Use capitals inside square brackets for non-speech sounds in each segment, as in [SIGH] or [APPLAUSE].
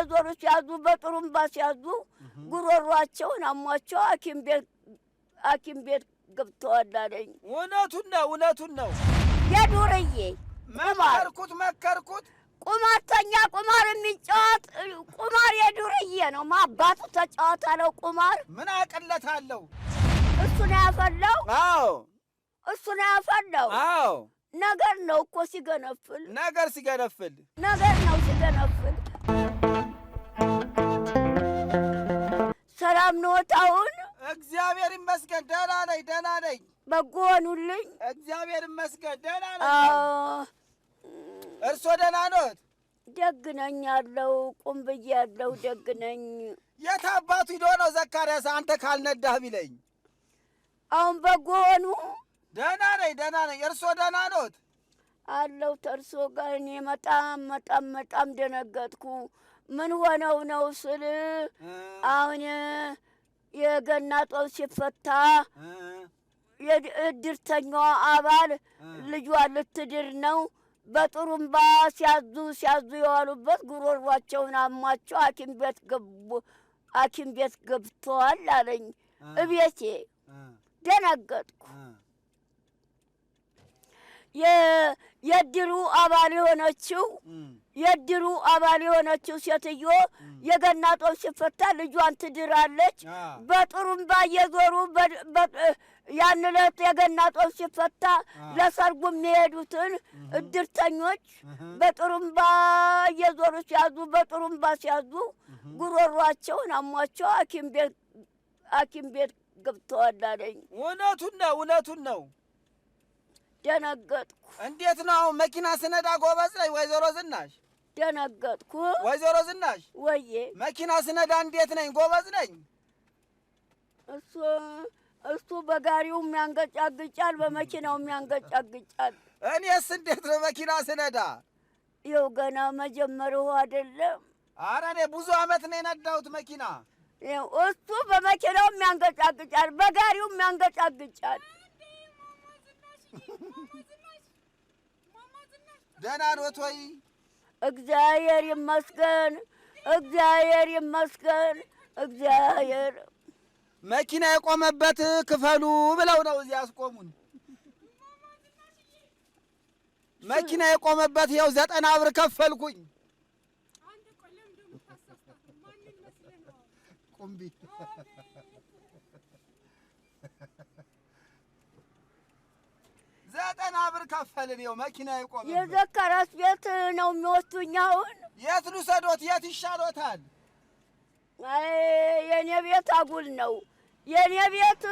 በየዞሩ ሲያዙ በጥሩምባ ሲያዙ ጉሮሯቸውን አሟቸው ሐኪም ቤት ሐኪም ቤት ገብተዋል አለኝ። እውነቱን ነው እውነቱን ነው። የዱርዬ መከርኩት መከርኩት። ቁማርተኛ ቁማር የሚጫወት ቁማር የዱርዬ ነው። ማባቱ ተጫወታ ነው ቁማር ምን አቅለታለሁ? አለው? እሱ ነው ያፈላው። አዎ እሱ ነው ያፈላው። አዎ ነገር ነው እኮ ሲገነፍል ነገር ሲገነፍል ነገር ነው ሲገነፍል ሰላም ኖት? አሁን እግዚአብሔር ይመስገን ደህና ነኝ፣ ደህና ነኝ። በጎ ሆኑልኝ። እግዚአብሔር ይመስገን ደህና ነኝ። እርሶ ደህና ኖት? ደግ ነኝ አለው ቁም ብዬ ያለው ደግ ነኝ። የት አባቱ ሂዶ ነው ዘካርያስ አንተ ካልነዳህ ቢለኝ። አሁን በጎ ሆኑ? ደህና ነኝ፣ ደህና ነኝ። እርሶ ደህና ኖት? አለው ተርሶ ጋር እኔ መጣም መጣም በጣም ደነገጥኩ። ምን ሆነው ነው ስል አሁን የገና ጦር ሲፈታ የእድርተኛዋ አባል ልጇን ልትድር ነው። በጥሩምባ ሲያዙ ሲያዙ የዋሉበት ጉሮሯቸውን አሟቸው ሐኪም ቤት ገቡ። ሐኪም ቤት ገብተዋል አለኝ። እቤቴ ደነገጥኩ። የድሩ አባል የሆነችው የድሩ አባል የሆነችው ሴትዮ የገና ጦም ሲፈታ ልጇን ትድራለች። በጥሩምባ እየዞሩ ያን ዕለት የገና ጦም ሲፈታ ለሰርጉ የሚሄዱትን እድርተኞች በጥሩምባ እየዞሩ ሲያዙ በጥሩምባ ሲያዙ ጉሮሯቸውን አሟቸው ሐኪም ቤት ሐኪም ቤት ገብተዋል አለኝ። እውነቱን ነው፣ እውነቱን ነው። ደነገጥኩ። እንዴት ነው መኪና ስነዳ ጎበዝ ነሽ ወይዘሮ ዝናሽ? ደነገጥኩ። ወይዘሮ ዝናሽ ወዬ፣ መኪና ስነዳ እንዴት ነኝ? ጎበዝ ነኝ። እሱ እሱ በጋሪው የሚያንገጫግጫል፣ በመኪናው የሚያንገጫግጫል። እኔስ እንዴት ነው መኪና ስነዳ? ይኸው ገና መጀመርሁ አይደለም። አረ እኔ ብዙ አመት ነው የነዳሁት መኪና። እሱ በመኪናው የሚያንገጫግጫል፣ በጋሪው የሚያንገጫግጫል። ደህና ኖት ወይ? እግዚአብሔር ይመስገን፣ እግዚአብሔር ይመስገን። እግዚአብሔር መኪና የቆመበት ክፈሉ ብለው ነው እዚህ ያስቆሙን። መኪና የቆመበት ይኸው ዘጠና ብር ከፈልኩኝ። ቁምቢ ዘጠና ብር ከፈልን። ይኸው መኪና ይቆም። የዘከረስ ቤት ነው የሚወስዱኝ። አሁን የት ልውሰዶት? የት ይሻሎታል? የእኔ ቤት አጉል ነው። የእኔ ቤት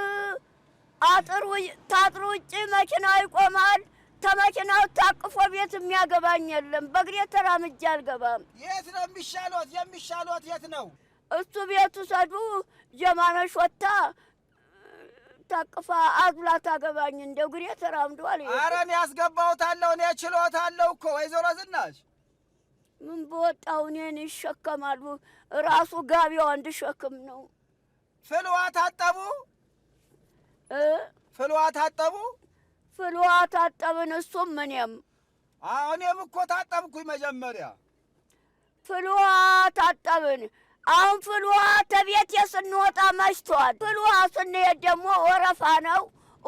ታጥሩ ውጭ መኪና ይቆማል። ተመኪናው ታቅፎ ቤት የሚያገባኝ የለም። በእግሬ ተራምጃ አልገባም። የት ነው የሚሻሎት? የሚሻሎት የት ነው? እሱ ቤቱ ሰዱ ጀማነሽ ወታ ታቅፋ አዝላ ታገባኝ እንደ ጉሬ ተራምዷል። ኧረ እኔ ያስገባውታለሁ እኔ ችሎታለሁ እኮ ወይዘሮ ዝናሽ ምን በወጣው እኔን ይሸከማሉ። ራሱ ጋቢው አንድ ሸክም ነው። ፍልዋ ታጠቡ እ ፍልዋ ታጠቡ ፍልዋ ታጠብን እሱም እኔም አሁን እኮ ታጠብኩኝ መጀመሪያ ፍልዋ ታጠብን አሁን ውሃ ተቤት ስንወጣ መሽቷል። ውሃ ስንሄድ ደግሞ ወረፋ ነው።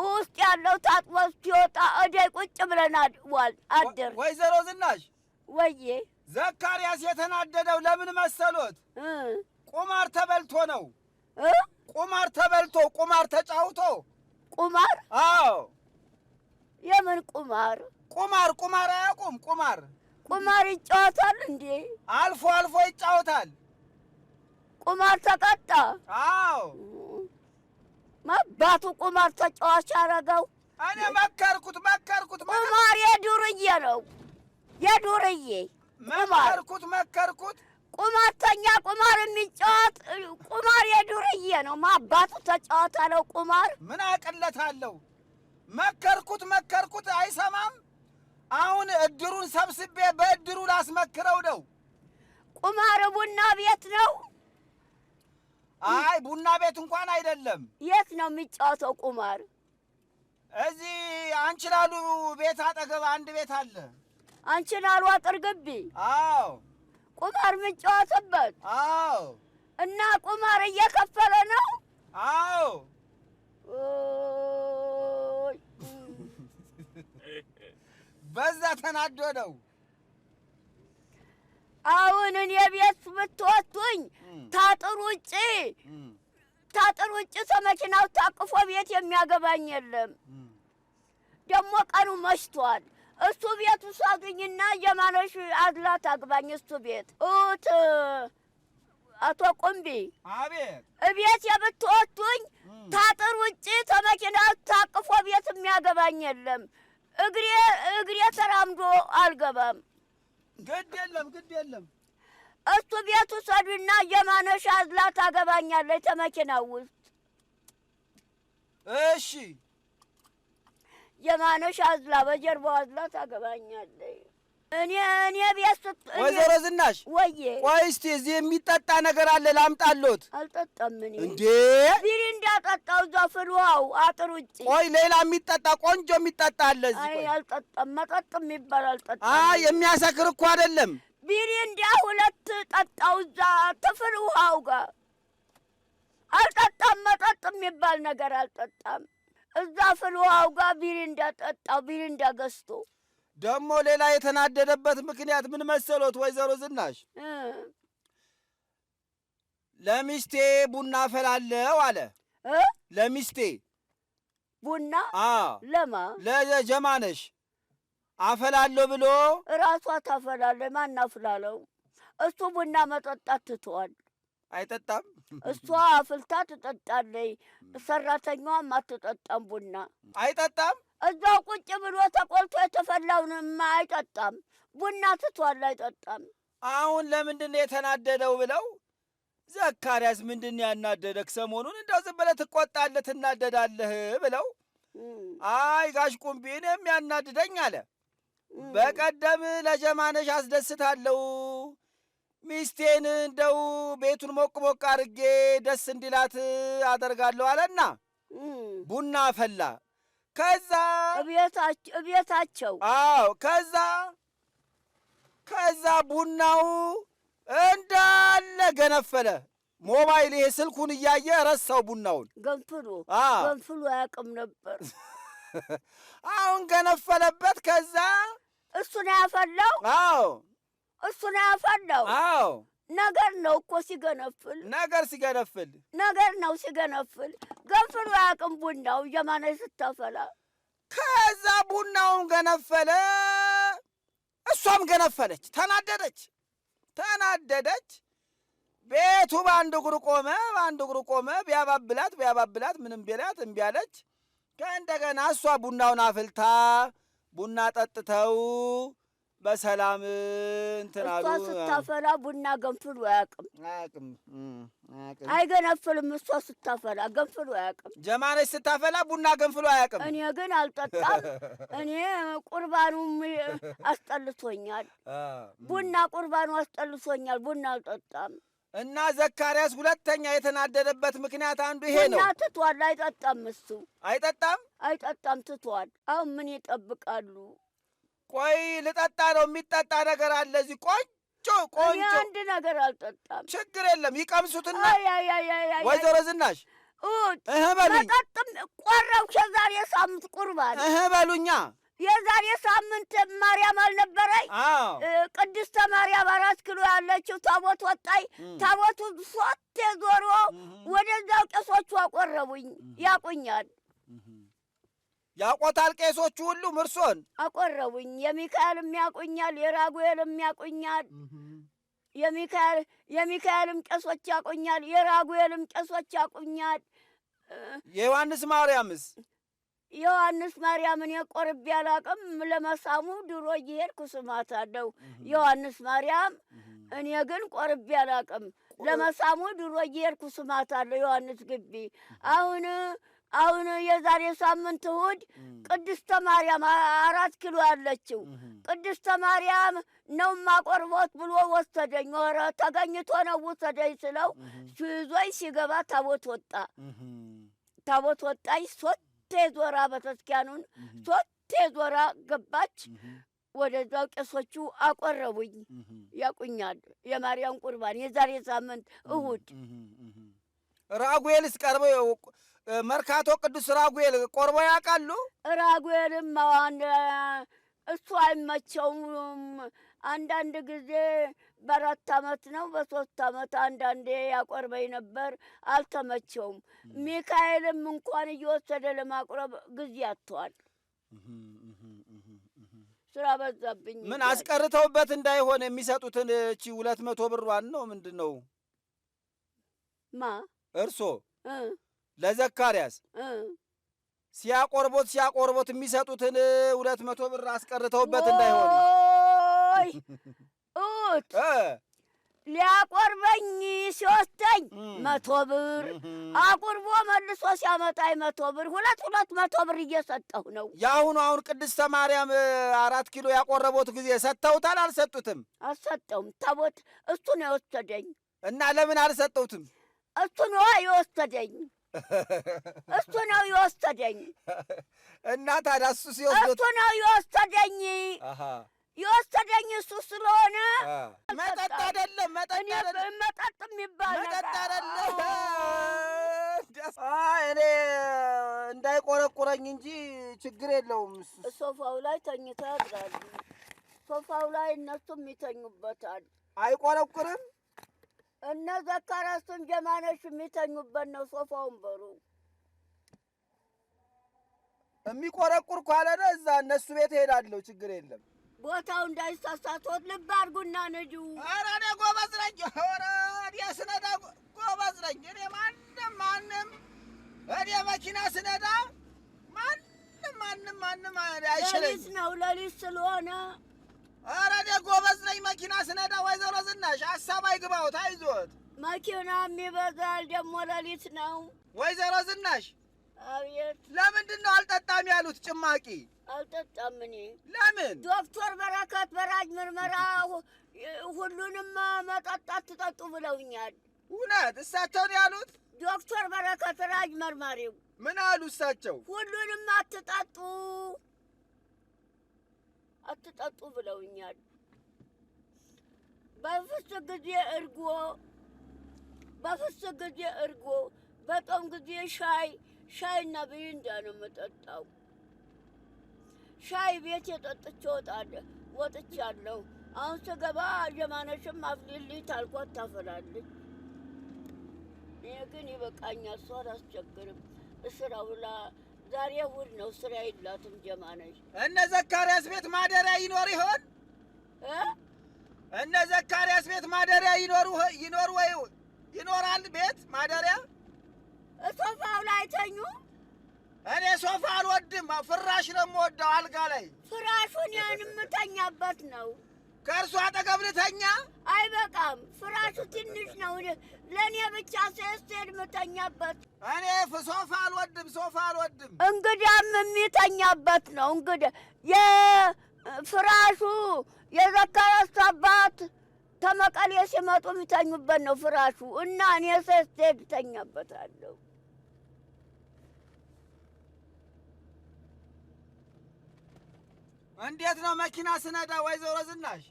ውስጥ ያለው ታጥቦ ሲወጣ እደ ቁጭ ብለን አድዋል አድር። ወይዘሮ ዝናሽ ወዬ ዘካርያስ የተናደደው ለምን መሰሎት? ቁማር ተበልቶ ነው። ቁማር ተበልቶ ቁማር ተጫውቶ ቁማር። አዎ የምን ቁማር? ቁማር ቁማር አያውቁም። ቁማር ቁማር ይጫወታል እንዴ? አልፎ አልፎ ይጫወታል። ቁማር ተቀጣ። አዎ ማባቱ ቁማር ተጫዋች አረገው። እኔ መከርኩት መከርኩት። ቁማር የዱርዬ ነው የዱርዬ መከርኩት መከርኩት። ቁማርተኛ ቁማር የሚጫወት ቁማር የዱርዬ ነው። ማባቱ ተጫወት አለው። ቁማር ምን አቅለታለሁ? መከርኩት መከርኩት አይሰማም። አሁን እድሩን ሰብስቤ በእድሩ ላስመክረው ነው። ቁማር ቡና ቤት ነው አይ ቡና ቤት እንኳን አይደለም። የት ነው የሚጫወተው ቁማር? እዚህ አንችላሉ ቤት አጠገብ አንድ ቤት አለ። አንችላሉ አጥር ግቢ? አዎ። ቁማር የሚጫወትበት? አዎ። እና ቁማር እየከፈለ ነው? አዎ። በዛ ተናዶ ነው። አሁን እኔ ቤት ታጥር ውጭ ታጥር ውጭ ሰመኪናው ታቅፎ ቤት የሚያገባኝ የለም። ደግሞ ቀኑ መሽቷል። እሱ ቤት አግኝና የማኖሽ አድላ ታግባኝ። እሱ ቤት እት አቶ ቁምቢ አቤት እቤት የብትወስዱኝ ታጥር ውጭ ተመኪናው ታቅፎ ቤት የሚያገባኝ የለም። እግሬ እግሬ ተራምዶ አልገባም። ግድ የለም ግድ የለም። እሱ ቤቱ ሰዱና የማነሻ አዝላ ታገባኛለች ተመኪናው ውስጥ እሺ የማነሻ አዝላ በጀርባው አዝላ ታገባኛለች። እኔ እኔ ቤት ወይዘሮ ዝናሽ ወይዬ፣ ቆይ እስቲ እዚህ የሚጠጣ ነገር አለ ላምጣሎት። አልጠጣም እኔ እንዴ ቢሪ እንዳጠጣው ዘፍል ውሃው አጥር ውጭ። ቆይ ሌላ የሚጠጣ ቆንጆ የሚጠጣ አለ እዚህ። አይ አልጠጣም፣ መጠጥ የሚባል አልጠጣም። አይ የሚያሰክር እኮ አይደለም ቢሪንዳ ሁለት ጠጣው እዛ ትፍል ውሃው ጋር አልጠጣም። መጠጥ የሚባል ነገር አልጠጣም። እዛ ፍል ውሃው ጋር ቢሪንዳ ጠጣው። ቢሪንዳ ገዝቶ ደግሞ ሌላ የተናደደበት ምክንያት ምን መሰሎት? ወይዘሮ ዝናሽ ለሚስቴ ቡና ፈላለው አለ። ለሚስቴ ቡና ለማ ለጀማነሽ አፈላለሁ ብሎ እራሷ ታፈላለች። ማን አፍላለው? እሱ ቡና መጠጣት ትተዋል። አይጠጣም። እሷ አፍልታ ትጠጣለች። ሰራተኛዋም አትጠጣም። ቡና አይጠጣም። እዛው ቁጭ ብሎ ተቆልቶ የተፈላውንማ አይጠጣም። ቡና ትቷል፣ አይጠጣም። አሁን ለምንድን ነው የተናደደው ብለው ዘካርያስ ምንድን ያናደደክ? ሰሞኑን እንዳው ዝም ብለህ ትቆጣለህ፣ ትናደዳለህ ብለው አይ ጋሽ ቁምቢን የሚያናድደኝ አለ በቀደም ለጀማነሽ አስደስታለሁ። ሚስቴን እንደው ቤቱን ሞቅ ሞቅ አድርጌ ደስ እንዲላት አደርጋለሁ አለና ቡና ፈላ። ከዛ እቤታቸው አዎ፣ ከዛ ከዛ ቡናው እንዳለ ገነፈለ። ሞባይል ይሄ ስልኩን እያየ ረሳው ቡናውን ገንፍሎ ገንፍሎ አያውቅም ነበር። [LAUGHS] አሁን ከነፈለበት ከዛ እሱን ያፈላው። አዎ እሱን ያፈላው። አዎ ነገር ነው እኮ ሲገነፍል፣ ነገር ሲገነፍል፣ ነገር ነው ሲገነፍል። ገንፍሉ ያቅም ቡናው እየማነ ስታፈላ ከዛ ቡናውን ገነፈለ። እሷም ገነፈለች፣ ተናደደች፣ ተናደደች። ቤቱ በአንድ እግሩ ቆመ፣ በአንድ እግሩ ቆመ። ቢያባብላት ቢያባብላት ምንም ቢላት እምቢ አለች። ከእንደገና እሷ ቡናውን አፍልታ ቡና ጠጥተው በሰላም እንትን አሉ። እሷ ስታፈላ ቡና ገንፍሉ አያውቅም አያውቅም አይገነፍልም። እሷ ስታፈላ ገንፍሉ አያውቅም። ጀማነች ስታፈላ ቡና ገንፍሉ አያውቅም። እኔ ግን አልጠጣም። እኔ ቁርባኑም አስጠልቶኛል። [LAUGHS] ቡና ቁርባኑ አስጠልቶኛል። ቡና አልጠጣም። እና ዘካርያስ ሁለተኛ የተናደደበት ምክንያት አንዱ ይሄ ነው። እና ትቷል፣ አይጠጣም። እሱ አይጠጣም፣ አይጠጣም፣ ትቷል። አሁን ምን ይጠብቃሉ? ቆይ ልጠጣ ነው። የሚጠጣ ነገር አለ እዚህ። ቆንጆ ቆንጆ አንድ ነገር አልጠጣም። ችግር የለም፣ ይቀምሱትና ወይዘሮ ዝናሽ መጠጥም ቆረብሽ። የዛሬ ሳምንት ቁርባን እህ በሉኛ የዛሬ ሳምንት ማርያም አልነበረኝ? ቅድስተ ማርያም አራት ኪሎ ያለችው ታቦት ወጣኝ። ታቦቱ ሶት ዞሮ ወደዛው ቄሶቹ አቆረቡኝ። ያቁኛል፣ ያቆታል። ቄሶቹ ሁሉ ምርሶን አቆረቡኝ። የሚካኤልም ያቁኛል፣ የራጉኤልም ያቁኛል። የሚካኤል የሚካኤልም ቄሶች ያቁኛል፣ የራጉኤልም ቄሶች ያቁኛል። የዮሐንስ ማርያምስ ዮሐንስ ማርያምን የቆርቤ አላቅም። ለመሳሙ ድሮ እየሄድኩ ስማታለሁ ዮሐንስ ማርያም። እኔ ግን ቆርቤ አላቅም። ለመሳሙ ድሮ እየሄድኩ ስማታለሁ ዮሐንስ ግቢ። አሁን አሁን የዛሬ ሳምንት እሑድ ቅድስተ ማርያም አራት ኪሎ ያለችው ቅድስተ ማርያም ነው ማቆርቦት ብሎ ወሰደኝ። ኧረ ተገኝቶ ነው ውሰደኝ ስለው ሲይዞኝ ሲገባ ታቦት ወጣ ታቦት ወጣኝ ሶት ሶስቴ ዞራ ቤተክርስቲያኑን ሶስቴ ዞራ ገባች። ወደዛው ቄሶቹ አቆረቡኝ። ያቁኛል። የማርያም ቁርባን የዛሬ ሳምንት እሁድ ራጉኤልስ ቀርበው መርካቶ ቅዱስ ራጉኤል ቆርቦ ያውቃሉ። ራጉኤልም እሱ አይመቸውም አንዳንድ ጊዜ በአራት አመት ነው በሶስት አመት አንዳንዴ ያቆርበኝ ነበር። አልተመቸውም። ሚካኤልም እንኳን እየወሰደ ለማቁረብ ጊዜ አጥቷል። ስራ በዛብኝ። ምን አስቀርተውበት እንዳይሆን የሚሰጡትን እቺ ሁለት መቶ ብሯን ነው ምንድን ነው ማ እርሶ ለዘካርያስ ሲያቆርቦት ሲያቆርቦት የሚሰጡትን ሁለት መቶ ብር አስቀርተውበት እንዳይሆን እት ሊያቆርበኝ ሲወስደኝ መቶ ብር አቁርቦ መልሶ ሲያመጣኝ መቶ ብር ሁለት ሁለት መቶ ብር እየሰጠሁ ነው። የአሁኑ አሁን ቅድስተ ማርያም አራት ኪሎ ያቆረቦት ጊዜ ሰጥተውታል? አልሰጡትም? አልሰጠውም። ታቦት እሱ ነው የወሰደኝ። እና ለምን አልሰጠውትም? እሱ ነው የወሰደኝ [LAUGHS] እሱ ነው የወሰደኝ። እና ታዲያ እሱ ሲወስድ እሱ ነው የወሰደኝ። የወሰደኝ እሱ ስለሆነ መጠጥ አይደለም፣ መጠጥ አይደለም፣ መጠጥ የሚባል መጠጥ አይደለም። እኔ እንዳይቆረቁረኝ እንጂ ችግር የለውም። ሶፋው ላይ ተኝታ ያድራሉ። ሶፋው ላይ እነሱም ይተኙበታል። አይቆረቁርም። እነ ዘካራሱን ጀማነሽ የሚተኙበት ነው ሶፋውን በሩ የሚቆረቁር ካለ እዛ እነሱ ቤት እሄዳለሁ። ችግር የለም። ቦታው እንዳይሳሳቶት ልብ አድርጉና ነጁ። ኧረ እኔ ጎበዝ ነኝ። ኧረ እኔ ስነዳ ጎበዝ ነኝ። እኔ ማንም ማንም እኔ መኪና ስነዳ ማንም ማንም ማንም አይችልም። ሌሊት ነው ሌሊት ስለሆነ ኧረ እኔ ጎበዝ ነኝ መኪና ስነዳ። ወይዘሮ ዝናሽ ሀሳብ አይግባው ታይዞት መኪናም ይበዛል ደግሞ ሌሊት ነው። ወይዘሮ ዝናሽ አቤት። ለምንድን ነው አልጠጣም ያሉት ጭማቂ አልጠጣም። እኔ ለምን ዶክተር በረከት በራጅ ምርመራ ሁሉንም መጠጥ አትጠጡ ብለውኛል። እውነት እሳቸውን ያሉት ዶክተር በረከት በራጅ መርማሪው ምን አሉ? እሳቸው ሁሉንም አትጠጡ አትጠጡ ብለውኛል። ጊዜ እርጎ፣ ጊዜ እርጎ፣ በጦም ጊዜ ሻይ ሻይና ብይንዳ ነው የምጠጣው። ሻይ ቤት የጠጥቼ ወጣለሁ ወጥቻለሁ። አሁን ስገባ ጀማነሽም አፍሊልኝ ታልኳት ታፈላለች። እኔ ግን ይበቃኛል፣ እሷ አላስቸግርም። እስራ ውላ ዛሬ እሑድ ነው፣ ስራ የላትም ጀማነሽ። እነ ዘካርያስ ቤት ማደሪያ ይኖር ይሆን? እነ ዘካርያስ ቤት ማደሪያ ይኖሩ ይኖር ወይ ይኖራል? ቤት ማደሪያ እሶፋው ላይ ተኙ እኔ ሶፋ አልወድም። ፍራሽ ነው የምወደው። አልጋ ላይ ፍራሹን ያን የምተኛበት ነው። ከእርሱ አጠገብ ልተኛ አይበቃም። ፍራሹ ትንሽ ነው ለእኔ ብቻ ሴስቴድ የምተኛበት። እኔ ሶፋ አልወድም፣ ሶፋ አልወድም። እንግዳም የሚተኛበት ነው። እንግዲ የፍራሹ የዘካርያስ አባት ተመቀሌ ሲመጡ የሚተኙበት ነው ፍራሹ እና እኔ ሴስቴድ እተኛበታለሁ። እንዴት ነው መኪና ስነዳ? ወይዘሮ ዝናሽ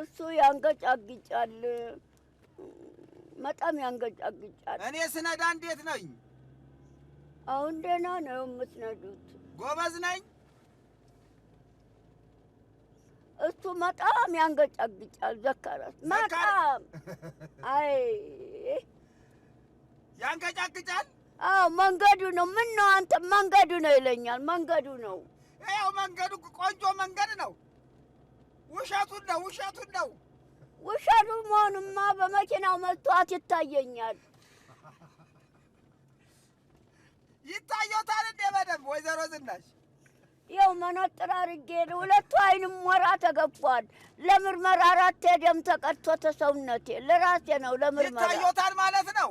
እሱ ያንገጫግጫል፣ በጣም ያንገጫግጫል። እኔ ስነዳ እንዴት ነኝ? አሁን ደህና ነው የምትነዱት? ጎበዝ ነኝ። እሱ በጣም ያንገጫግጫል። ዘካራስ በጣም አይ ያንገጫግጫል አዎ መንገዱ ነው። ምን ነው አንተ መንገዱ ነው ይለኛል። መንገዱ ነው ያው መንገዱ ቆንጆ መንገድ ነው። ውሸቱን ነው ውሸቱን ነው። ውሸቱ መሆኑማ በመኪናው መጥቷት ይታየኛል። ይታየታል እንዴ በደንብ ወይዘሮ ዝናሽ ይኸው መነጥር አድርጌ ሁለቱ አይንም ሞራ ተገፏል። ለምርመራ አራት ደም ተቀድቶ ተሰውነቴ ለራሴ ነው ለምርመራ ይታየታል ማለት ነው።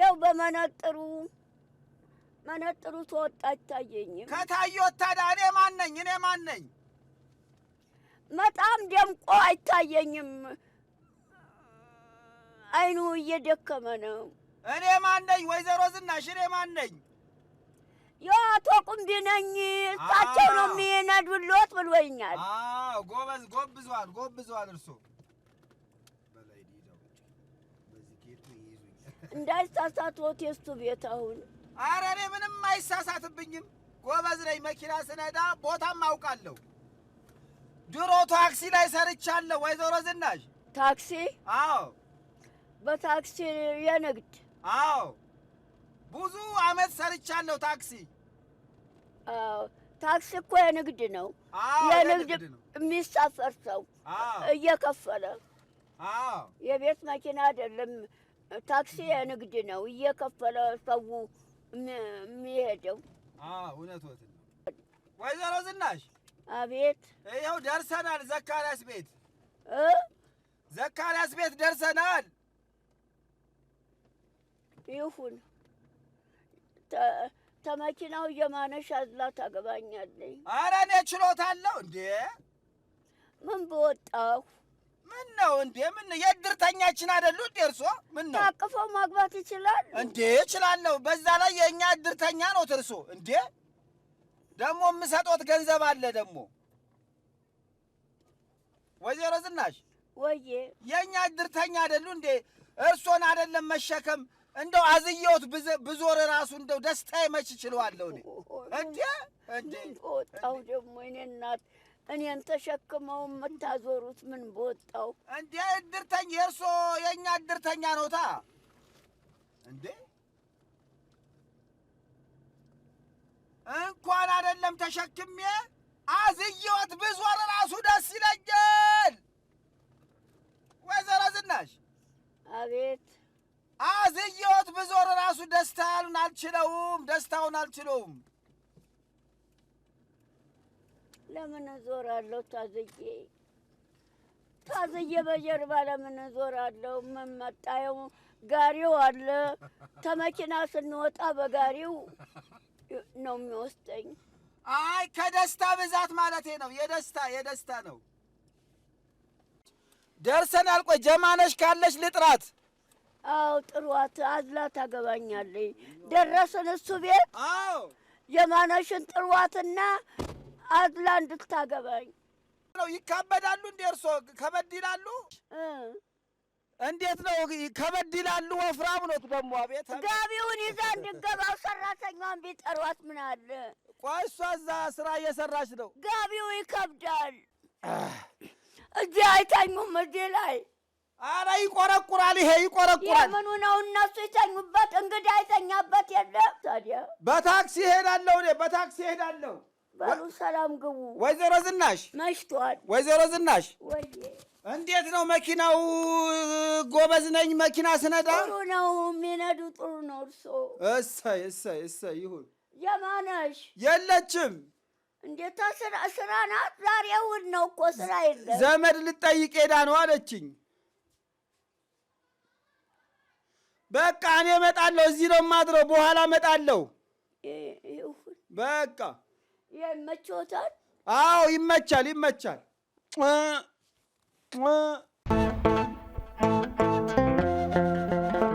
ያው በመነጥሩ መነጥሩ ተወጣ አይታየኝም። ከታየት ታዲያ እኔ ማን ነኝ? እኔ ማን ነኝ? በጣም ደምቆ አይታየኝም። አይኑ እየደከመ ነው። እኔ ማን ነኝ? ወይዘሮ ዝናሽ እኔ ማን ነኝ? ያው አቶ ቁምቢ ነኝ። እሳቸው ነው የሚነዱልዎት ብሎኛል። ጎበዝ ጎብዟል፣ ጎብዟል እርሶ እንዳይሳሳት ቴስቱ ቤት አሁን አረ እኔ ምንም አይሳሳትብኝም። ጎበዝ ነኝ። መኪና ስነዳ ቦታም አውቃለሁ። ድሮ ታክሲ ላይ ሰርቻለሁ። ወይዘሮ ዝናሽ ታክሲ? አዎ፣ በታክሲ የንግድ አዎ፣ ብዙ አመት ሰርቻለሁ ታክሲ። አዎ፣ ታክሲ እኮ የንግድ ነው። የንግድ የሚሳፈር ሰው እየከፈለ አዎ፣ የቤት መኪና አይደለም። ታክሲ የንግድ ነው እየከፈለ ሰው የሚሄደው። እውነት ወት ነው። ወይዘሮ ዝናሽ አቤት። ይኸው ደርሰናል ዘካርያስ ቤት ዘካርያስ ቤት ደርሰናል። ይሁን ተመኪናው የማነሽ አዝላ ታገባኛለኝ። አረ እኔ ችሎታ እንዴ ምን በወጣሁ ምን ነው እንዴ? ምን የእድርተኛችን አይደሉ እንዴ? እርሶ ምን ነው ታቅፈው ማግባት ይችላል እንዴ? እችላለሁ። በዛ ላይ የእኛ እድርተኛ ነው እርሶ። እንዴ ደግሞ የምሰጦት ገንዘብ አለ ደግሞ ወይዘሮ ዝናሽ ወዬ የእኛ እድርተኛ አይደሉ እንዴ? እርሶን አይደለም መሸከም እንደው አዝየውት ብዞር ራሱ እንደው ደስታ መች ይችለዋለሁ እኔ እንዴ እንዴ ወጣው ደግሞ እኔ እናት እኔን ተሸክመው የምታዞሩት ምን በወጣው እንዴ? እድርተኛ የእርሶ የእኛ እድርተኛ ነውታ እንዴ? እንኳን አይደለም ተሸክሜ አዝየወት ብዞር ራሱ ደስ ይለኛል። ወይዘሮ ዝናሽ አቤት። አዝየወት ብዞር ራሱ ደስታውን አልችለውም፣ ደስታውን አልችለውም። ለምን እዞራለሁ? ታዝዬ ታዝዬ በጀርባ ለምን እዞራለሁ? የምመጣየው ጋሪው አለ። ተመኪና ስንወጣ በጋሪው ነው የሚወስደኝ። አይ ከደስታ ብዛት ማለቴ ነው። የደስታ የደስታ ነው። ደርሰናል። ቆይ ጀማነሽ ካለች ልጥራት። አዎ ጥሯት፣ አዝላ ታገባኛለች። ደረስን እሱ ቤት። አዎ ጀማነሽን ጥሯትና አዝላ እንድታገባኝ ነው። ይካበዳሉ እንዴ? እርሶ ከበድ ይላሉ። እንዴት ነው ከበድ ይላሉ? ወፍራም ነው ደግሞ። አቤት ጋቢውን ይዛ እንድገባው ሰራተኛዋን ቢጠሯት ምን አለ? ቆይ እሷ እዛ ስራ እየሰራች ነው። ጋቢው ይከብዳል። እዚህ አይተኙም። እዚህ ላይ አረ ይቆረቁራል። ይሄ ይቆረቁራል። የምኑ ነው እነሱ ይተኙበት፣ እንግዲህ አይተኛበት የለም። ታዲያ በታክሲ እሄዳለሁ እኔ በታክሲ እሄዳለሁ። በሉ ሰላም ግቡ። ወይዘሮ ዝናሽ መሽቷል። ወይዘሮ ዝናሽ እንዴት ነው መኪናው? ጎበዝ ነኝ መኪና ስነዳ። ጥሩ ነው የሚነዱ ጥሩ ነው። እርሶ እሰይ እሰይ እሰይ ይሁን። የማነሽ የለችም። እንዴት ስራ ስራ ናት። ዛሬ እሑድ ነው እኮ ስራ የለም። ዘመድ ልጠይቅ ሄዳ ነው አለችኝ። በቃ እኔ እመጣለሁ። እዚህ ነው የማድረው። በኋላ እመጣለሁ። በቃ ይመቻል። አዎ ይመቻል፣ ይመቻል።